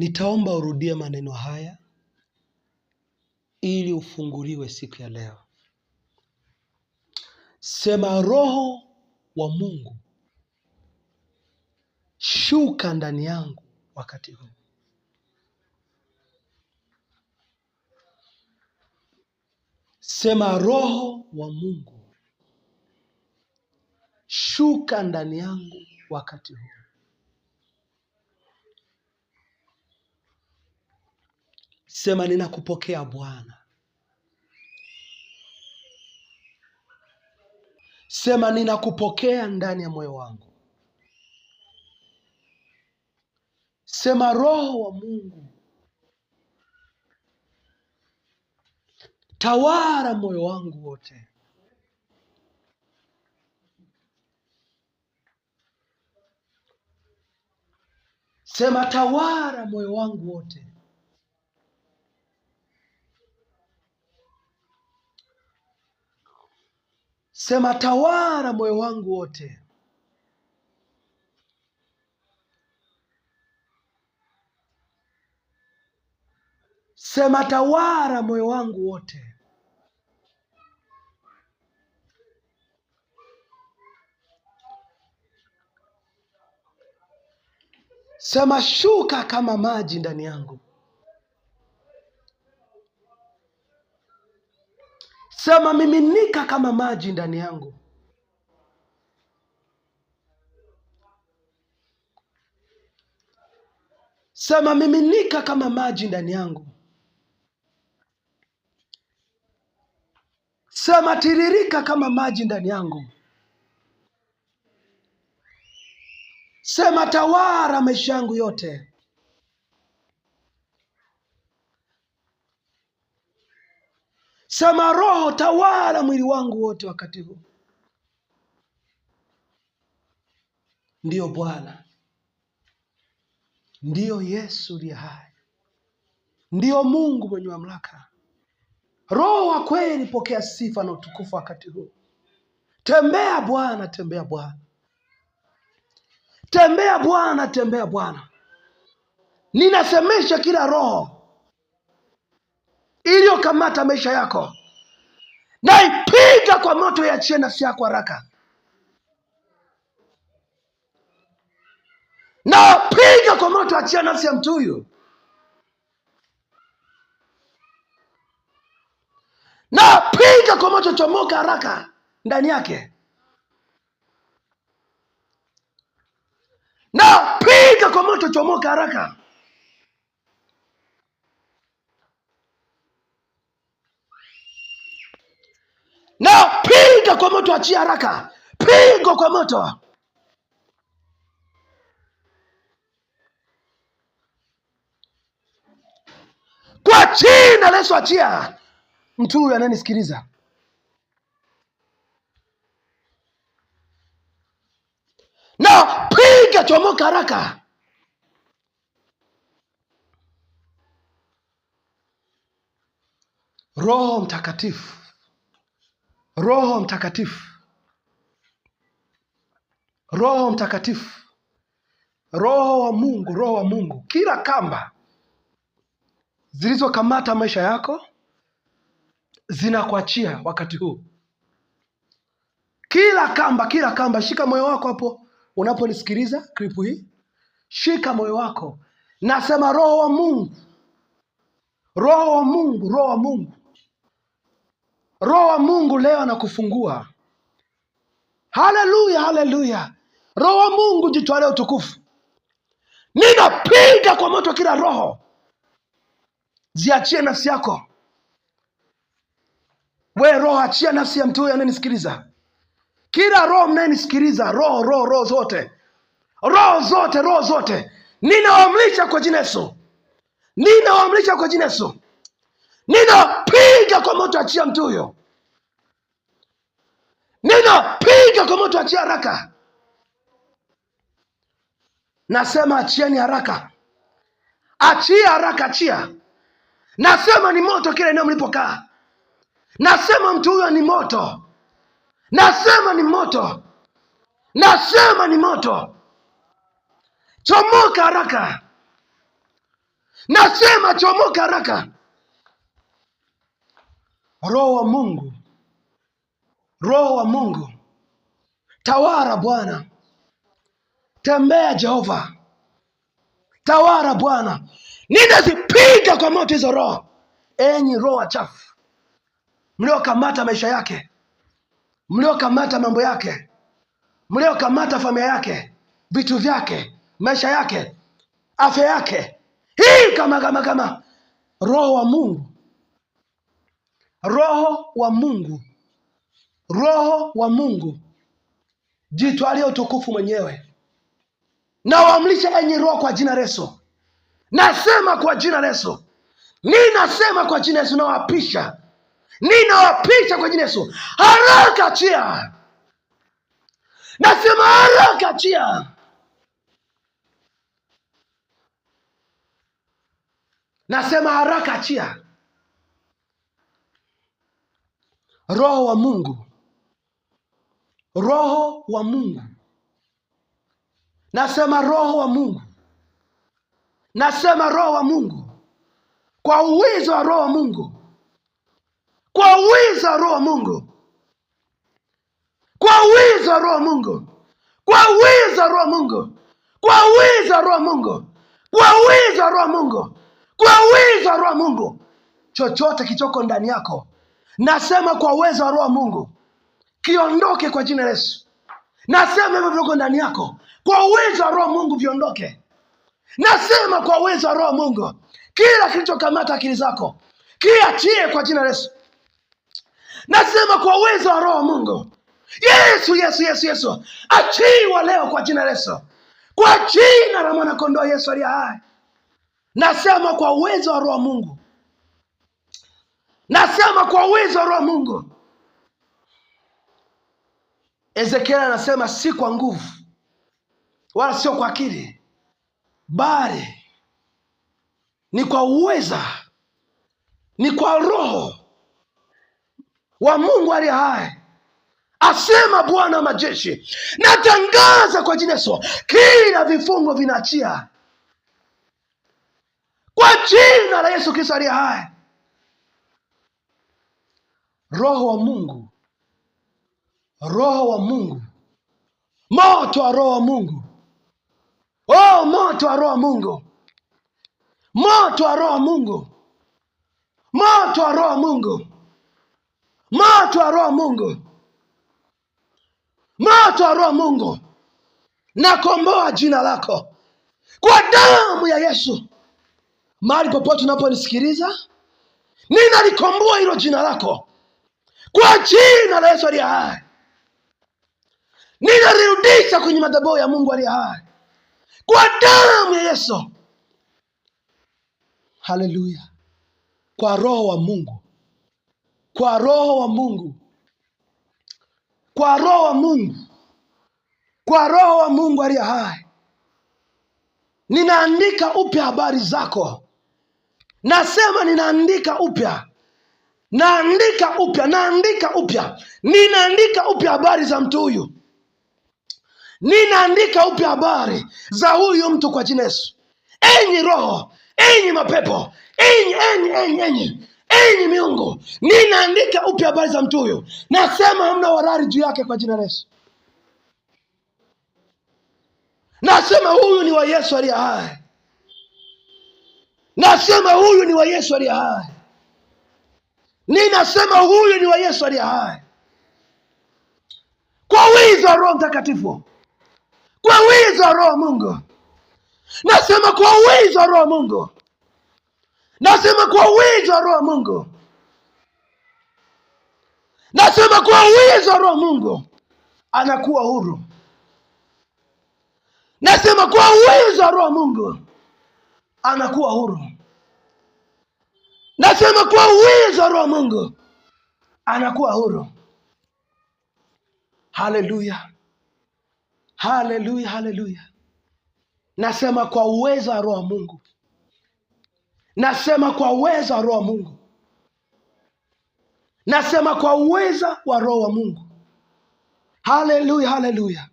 Nitaomba urudie maneno haya ili ufunguliwe siku ya leo. Sema, Roho wa Mungu, shuka ndani yangu wakati huu. Sema, Roho wa Mungu, shuka ndani yangu wakati huu. Sema ninakupokea Bwana. Sema ninakupokea ndani ya moyo wangu. Sema Roho wa Mungu tawara moyo wangu wote. Sema tawara moyo wangu wote. Sema, tawala moyo wangu wote, sema, tawala moyo wangu wote, sema, shuka kama maji ndani yangu Sema miminika kama maji ndani yangu. Sema miminika kama maji ndani yangu. Sema tiririka kama maji ndani yangu. Sema tawara maisha yangu yote. sema Roho, tawala mwili wangu wote wakati huu. Ndiyo Bwana, ndiyo Yesu liye hai, ndiyo Mungu mwenye mamlaka. Roho wa kweli, pokea sifa na utukufu wakati huu. Tembea Bwana, tembea Bwana, tembea Bwana, tembea Bwana. Ninasemesha kila roho iliyokamata maisha yako, naipiga kwa moto, iachie nafsi yako haraka, napiga kwa moto, achia nafsi ya mtu huyu, napiga kwa moto, chomoka haraka ndani yake, napiga kwa moto, chomoka haraka Weka kwa moto, achia haraka, pigo kwa moto. Kwa china Yesu, achia mtu huyu ananisikiliza na piga, chomoka haraka. Roho Mtakatifu Roho Mtakatifu, Roho Mtakatifu, Roho wa Mungu, Roho wa Mungu, kila kamba zilizokamata maisha yako zinakuachia wakati huu. Kila kamba, kila kamba, shika moyo wako hapo unaponisikiliza klipu hii, shika moyo wako, nasema Roho wa Mungu, Roho wa Mungu, Roho wa Mungu, Roho wa Mungu leo anakufungua. Haleluya, haleluya! Roho wa Mungu jitwale utukufu. Ninapiga kwa moto kila roho, ziachie nafsi yako. We roho, achia nafsi ya mtu huyo anayenisikiliza, kila roho mnayenisikiliza, roho roho roho zote, roho zote, roho zote, ninawaamrisha kwa jina Yesu, ninawaamrisha kwa jina Yesu ninapiga piga kwa moto, achia mtu huyo. ninapiga piga kwa moto, achia haraka. Nasema achieni haraka, achia haraka, achia. Nasema ni moto kila eneo mlipokaa. Nasema mtu huyo ni moto, nasema ni moto, nasema ni moto. Chomoka haraka, nasema chomoka haraka. Roho wa Mungu, Roho wa Mungu, tawara Bwana, tembea Jehova, tawara Bwana, ninazipiga kwa moto hizo roho. Enyi roho wachafu mliokamata maisha yake, mliokamata mambo yake, mliokamata familia yake, vitu vyake, maisha yake, afya yake, hii kama kama kama roho wa Mungu Roho wa Mungu, Roho wa Mungu jitwalie utukufu mwenyewe. Nawaamrisha enye roho kwa jina Yesu, nasema kwa jina Yesu, ninasema kwa jina Yesu, nawapisha, ninawapisha kwa jina Yesu, haraka chia nasema haraka chia Nasema haraka chia roho wa Mungu, roho wa Mungu. Nasema roho wa Mungu, nasema roho wa Mungu, kwa uwizo wa roho wa Mungu, kwa uwizo wa roho wa Mungu, kwa uwizo wa roho wa Mungu, kwa uwizo wa roho wa Mungu, kwa uwizo wa roho wa Mungu, kwa uwizo wa roho wa Mungu, kwa uwizo wa roho wa Mungu, chochote kichoko ndani yako Nasema kwa uwezo wa Roho Mungu, kiondoke kwa jina Yesu. Nasema hivyo vyoko ndani yako kwa uwezo wa Roho Mungu viondoke. Nasema kwa uwezo wa Roho Mungu, kila kilichokamata akili zako kiachie kwa jina Yesu. Nasema kwa uwezo wa Roho Mungu, Yesu, Yesu, Yesu, Yesu, achiwa leo kwa jina Yesu, kwa jina la mwanakondoa Yesu aliye hai. Nasema kwa uwezo wa Roho Mungu Nasema kwa uwezo wa Roho Mungu. Ezekiel anasema si kwa nguvu wala sio kwa akili, bali ni kwa uweza, ni kwa Roho wa Mungu aliye hai, asema Bwana wa majeshi. Natangaza kwa jina Yesu, kila vifungo vinaachia kwa jina la Yesu Kristo aliye hai roho wa Mungu, roho wa Mungu, moto wa roho wa Mungu. Oh, moto wa roho wa Mungu, moto wa roho wa Mungu, moto wa roho wa Mungu, moto wa roho wa Mungu, moto wa roho wa Mungu. Nakomboa jina lako kwa damu ya Yesu. Mahali popote unaponisikiliza, ninalikomboa hilo jina lako kwa jina la Yesu aliye hai. Ninarudisha kwenye madhabahu ya Mungu aliye hai kwa damu ya Yesu. Haleluya! Kwa roho wa Mungu, kwa roho wa Mungu, kwa roho wa Mungu, kwa roho wa Mungu aliye hai, ninaandika upya habari zako. Nasema ninaandika upya naandika upya, naandika upya, ninaandika upya habari za mtu huyu, ninaandika upya habari za huyu mtu kwa jina Yesu. Enyi roho, enyi mapepo, enyi enyi enyi enyi enyi miungu, ninaandika upya habari za mtu huyu, nasema hamna warari juu yake kwa jina la Yesu. Nasema huyu ni wa Yesu aliye hai, nasema huyu ni wa Yesu aliye hai ninasema huyu ni wa Yesu aliye hai, kwa wizo wa Roho Mtakatifu, kwa wizo wa Roho Mungu, nasema kwa wizo wa Roho Mungu, nasema kwa wizo wa Roho Mungu, nasema kwa wizo wa Roho Mungu anakuwa huru, nasema kwa wizo wa Roho Mungu anakuwa huru Nasema kwa uwezo wa Roho Mungu anakuwa huru. Haleluya, haleluya, haleluya! Nasema kwa uwezo wa Roho wa Mungu, nasema kwa uwezo wa Roho wa Mungu, nasema kwa uwezo wa Roho wa Mungu. Haleluya, haleluya!